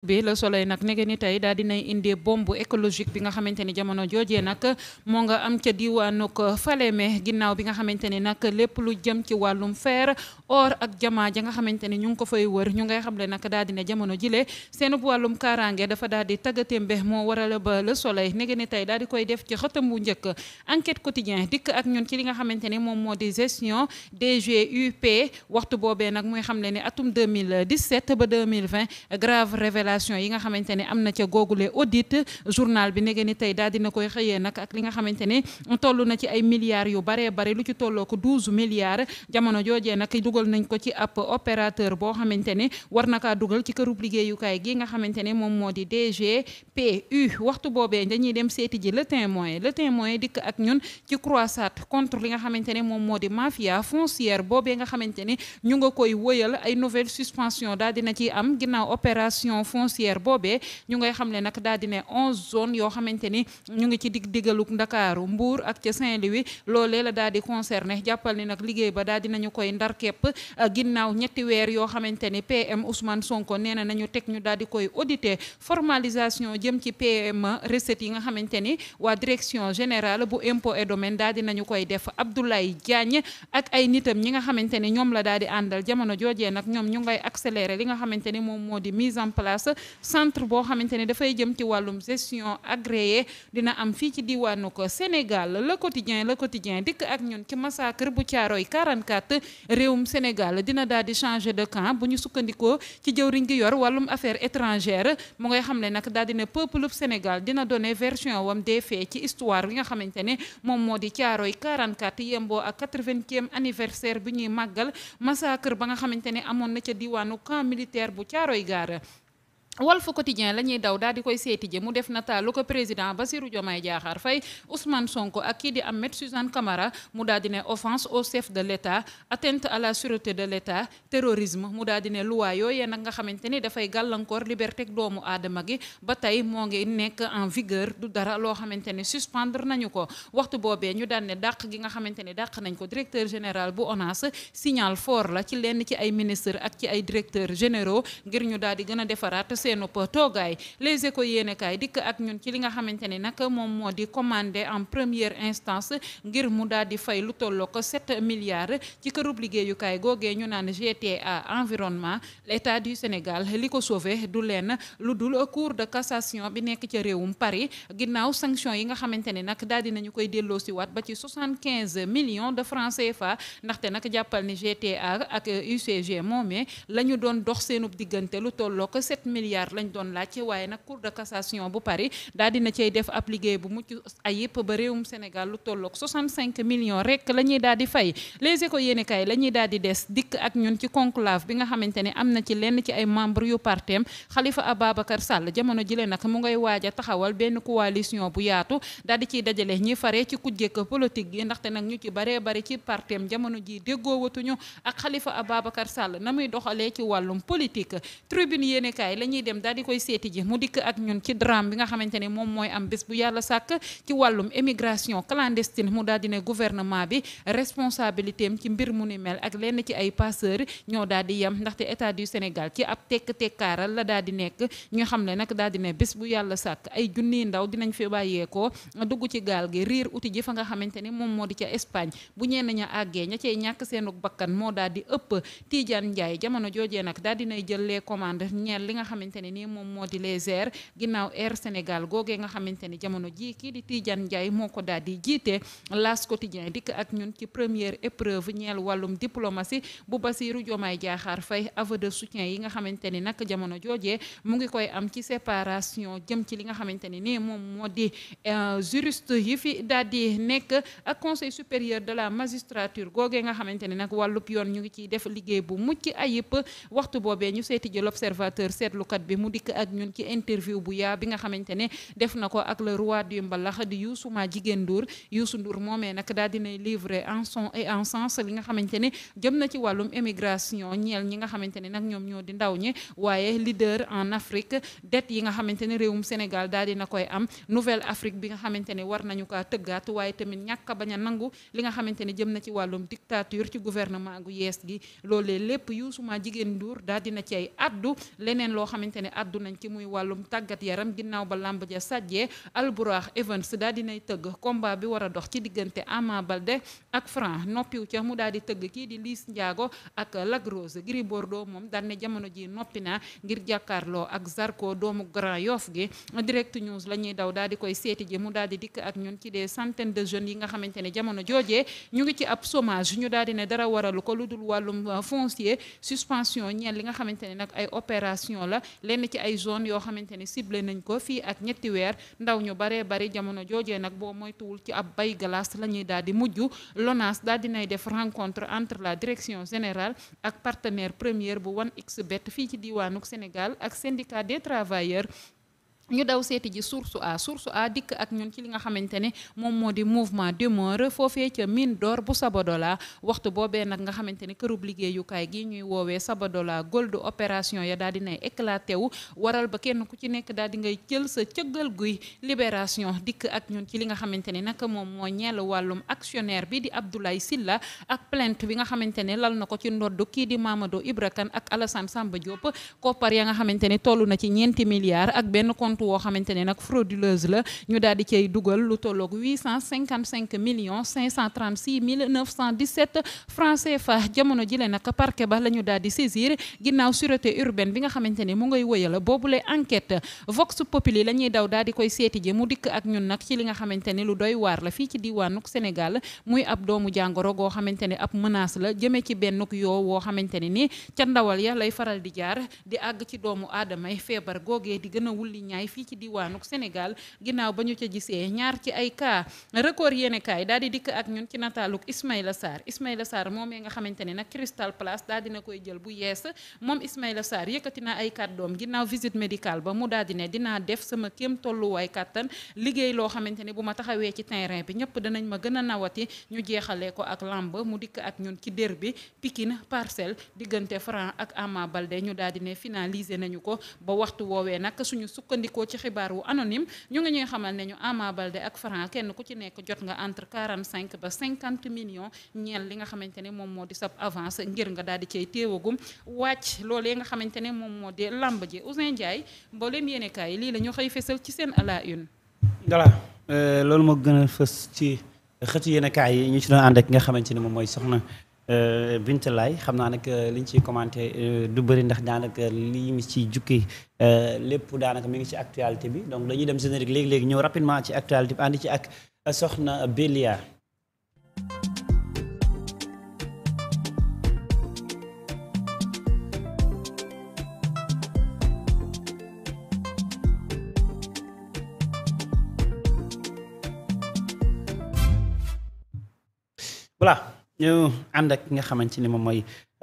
bi le soleil nag nege ni tey daal dinay indi bombe écologique bi nga xamante ni jamono joojee nag moo nga am ca diwaanuk Falémé ginnaaw bi nga xamante ni nag lépp lu jëm ci wàllum fer or ak jamaa ja nga xamante ni ñu ngi ko fay wër ñu ngay xamle nag daal dina jamono jile seen wàllum kaaraange dafa daal di taggatémbe moo waral ba le soleil nege ni tey daal di koy def ci xëtam bu njëkk enquête quotidien dikk ak ñun ci li nga xamante ni moom moo di gestion DGUP waxtu boobee nag muy xamle ni atum 2017 ba 2020 grave révélation yi nga xamante ne am na ca googule audit journal bi nege ni tey daal dina koy xëyee nag ak li nga xamante ne toll na ci ay milliards yu baree bare lu ci tolloo ko douze milliards jamono joojee nag dugal nañ ko ci ab opérateur boo xamante ne war na kaa dugal ci kërub liggéeyukaay gi nga xamante ne moom moo di DGPU waxtu boobee dañuy dem seeti ji le tin témoin le témoin dikk ak ñun ci croisade contre li nga xamante ne moom moo di mafia foncière boobee nga xamante foncière boobee ñu ngay xam ne nag ne onze zones yoo xamante ni ñu ngi ci dig digaluk ndakaaru mbuur ak ca Saint-Louis loolee la daal di concerné jàppal ni nag liggéey ba daal dinañu koy ndar képp euh, ginnaaw ñetti weer yoo xamante ni PM Ousmane Sonko nee na nañu ñu daal di koy audité formalisation jëm ci PME recettes yi nga xamante ni waa direction générale bu impôt et domaine daal koy def Abdoulaye Diagne ñoom la daal di àndal jamono joojee nag ñoom ñu ngay accéléré li nga xamante ni moom moo di mise en place centre boo xamante ne dafay jëm ci wàllum gestion agréé dina am fii ci diwaanu ko Sénégal le quotidien le quotidien dikk ak ñun ci massacre bu Caaroy 44 réewum Sénégal dina daal di changer de camp bu ñu sukkandikoo ci jëwriñ gi yor wàllum affaire étrangère mu ngay xam ne nag daal dina peuple Sénégal dina donné version wam des faits ci histoire bi nga xamante ne moom moo di Caaroy 44 yemboo ak 80e anniversaire bi ñuy màggal kër ba nga xamante ne amoon na ca diwaanu camp militaire bu Caaroy gaara Walf Quotidien la ñuy daw daal di koy seeti ji mu def lu ko président Bassirou Diomaye Diakhar Faye Ousmane Sonko ak kii di am Ahmed Suzanne Camara mu daal di ne offense au chef de l'État atteinte à la sûreté de l'État terrorisme mu daal di ne loi yooyu nag nga xamante ni dafay gàllankoor liberté doomu aadama gi ba tey moo ngi nekk en vigueur du dara loo xamante ne suspendre nañu ko waxtu boobee ñu daan ne dàq gi nga xamante ne dàq nañ ko directeur général bu ONAS signal fort la ci lenn ci ay ministre ak ci ay directeurs généraux ngir ñu daal di gën a defaraat seenub toogaay les échos yéenekaay dikk ak ñun ci li nga xamante ne nag moom moo di commandé en première instance ngir mu daal di fay lu tolloo ko 7 milliards ci kërub liggéeyukaay googee ñu naan GTA environnement l'État du Sénégal li ko sauvé du leen lu dul cour de cassation bi nekk ca réewum Paris ginnaaw sanction yi nga xamante ne nag daal di nañu koy delloosiwaat ba ci 75 millions de francs CFA ndaxte nag jàppal ni GTA ak UCG moomee la doon dox seenub diggante lu tolloo ko milliards lañ doon laaj waaye nag cour de cassation bu Paris daal dina cey def ab liggéey bu mucc ayib ba réewum Sénégal lu tolloog 65 millions rek la ñuy daal di fay les éco yéene kaay la ñuy daal di des dikk ak ñun ci conclave bi nga xamante ni am na ci lenn ci ay membres yu partem Khalifa Ababacar Sall jamono jile nag mu ngay waaj a taxawal benn coalition bu yaatu daal di ciy dajale ñi fare ci kujjekk politique gi ndaxte nag ñu ci baree bari ci partem jamono ji déggoowatuñu ak Khalifa Ababacar Sall na muy doxalee ci wàllum politique dañuy dem daal di koy seeti ji mu dikk ak ñun ci drame bi nga xamante ne moom mooy am bés bu yàlla sàkk ci wàllum émigration clandestine mu daal di ne gouvernement bi responsabilité ci mbir mu ni mel ak lenn ci ay passeurs ñoo daal di yem ndaxte état du Sénégal ci ab tekk-tekkaaral la daal di nekk ñu xam ne nag daal di ne bés bu yàlla sàkk ay junniy ndaw dinañ fi bàyyeekoo dugg ci gaal gi riir uti ji fa nga xamante ne moom moo di ca Espagne bu ñenn ña àggee ña cey ñàkk seenu moo daal di ëpp Tidiane Ndiaye xamante ne nii moom moo di les airs ginnaaw air Sénégal googee nga xamante ni jamono jii kii di tiijan Ndiaye moo ko daal di jiite las quotidien dikk ak ñun ci première épreuve ñeel wàllum diplomatie bu Bassirou Diomaye Diakhar Faye aveu de soutien yi nga xamante ni nag jamono joojee mu ngi koy am ci séparation jëm ci li nga xamante ni nii moom moo di euh, juriste yi fi daal di nekk ak conseil supérieur de la magistrature googee nga xamante ni nag wàllub yoon ñu ngi ciy def liggéey bu mucc ayib waxtu tàggat bi mu dikk ak ñun ci interview bu yaa bi nga xamante def na ko ak le roi du di Youssou Ma jigéen Ndour Youssou Ndour moomee nag daal dinay livrer en son et en sens li nga xamante ne jëm na ci wàllum ñi nga xamante ne nag ñoom ñoo di ndaw ñi waaye leader en Afrique dette yi nga xamante ne réewum Sénégal daal dina koy am nouvelle Afrique bi nga xamante ne war nañu kaa tëggaat waaye tamit ñàkk a bañ a nangu li nga xamante ne na ci wàllum dictature ci gouvernement gu yees gi loolee lépp Youssou jigéen Ndour daal dina ci addu leneen loo xamante xamante ne addu nañ ci muy wàllum tàggat yaram ginnaaw ba làmb ja sàjjee Albourakh Events daal dinay tëgg combat bi war a dox ci diggante Ama Baldé ak Franc noppiw ca mu daal di tëgg kii di liis njaago ak Lac Rose Gris Bordeaux moom daan ne jamono ji noppi naa ngir jàkkaarloo ak Zarko doomu Grand Yoff gi direct news la ñuy daw daal di koy seeti ji mu daal di dikk ak ñun ci dee centaines de jeunes yi nga xamante ne jamono joojee ñu ngi ci ab somage ñu daal di ne dara waralu ko lu dul wàllum foncier suspension ñeel li nga xamante ne nag ay opération la lenn ci ay zone yoo xamante ne ciblé nañ ko fii ak ñetti weer ndaw ñu baree bari jamono joojee nag boo moytuwul ci ab bay glace la ñuy daal di mujj LONASE daal dinay def rencontre entre la direction générale ak partenaire première bu 1xBet fii ci diwaanuk Sénégal ak syndicat des travailleurs ñu daw seeti ji source a source a dikk ak ñun ci li nga xamante ne moom moo di mouvement demeure foofee ca mine d'or bu Sabadola waxtu boobee nag nga xamante ne kërub liggéeyukaay gi ñuy woowee Sabadola gold opération ya daal dinay éclaté wu waral ba kenn ku ci nekk daal di ngay jël sa cëggal guy libération dikk ak ñun ci li nga xamante ne nag moom moo ñeel wàllum actionnaire bi di Abdoulaye Sylla ak plainte bi nga xamante ne lal na ko ci ndodd kii di Mamadou Ibra ak Alassane Samba Diop koppar ya nga xamante ne toll na ci ñeenti milliards compte woo xamante ne nag frauduleuse la ñu daal di cay dugal lu tolloog 855 millions 536 mille 917 francs CFA jamono jile nag parquet ba la ñu daal di saisir ginnaaw sûreté urbaine bi nga xamante ne mu ngay wëyal boobule enquête Vox Populi la ñuy daw daal di koy seeti ji mu dikk ak ñun nag ci li nga xamante ne lu doy waar la fii ci diwaanuk Sénégal muy ab doomu jàngoro goo xamante ne ab menace la jëmee ci bennuk yoo woo xamante ne ni ca ya lay faral di jaar di àgg ci doomu aadama feebar googee fii ci diwaanu Sénégal ginnaaw ba ñu ca gisee ñaar ci ay cas record yéene kaay daal di dikk ak ñun ci nataaluk Ismaïla Sarr Ismaïla Sarr moomee nga xamante ne nag Crystal Palace daal dina koy jël bu yees moom Ismaïla Sarr yëkkati na ay doom ginnaaw visite médicale ba mu daal di ne dinaa def sama kéem tolluwaay kàttan liggéey loo xamante ne bu ma taxawee ci terrain bi ñëpp danañ ma gën a nawati ñu jeexalee ko ak lamb mu dikk ak ñun ci dér bi Pikine Parcelles diggante Franc ak Ama Baldé ñu daal di ne nañu ko sukkandikoo ci xibaar wu anonyme ñu ngi ñuy xamal ne ñu Ama Balde ak Franc kenn ku ci nekk jot nga entre quarante cinq ba 50 millions ñeen li nga xamante ne moom moo di sab avance ngir nga daal di cay téewagum wàcc loolee nga xamante ne moom moo di lamb ji Ousin Ndiaye mboolem yéenekaay lii la ñu xëy fesal ci seen à la une. voilà euh, loolu moo gën a fës ci xëtu yéenekaay yi ñu ci doon ànd ak nga xamante ne moom mooy soxna. Euh, Binta laay xam naa nag euh, liñ ciy commenté euh, du bëri ndax daanaka lii mi ciy jukki lépp daanaka mu ngi ci actualité bi donc dañuy dem générique léegi-léegi ñëw rapidement ci actualité bi ànd ci ak soxna Bélia ñu ànd ak ki nga xamante ni moom mooy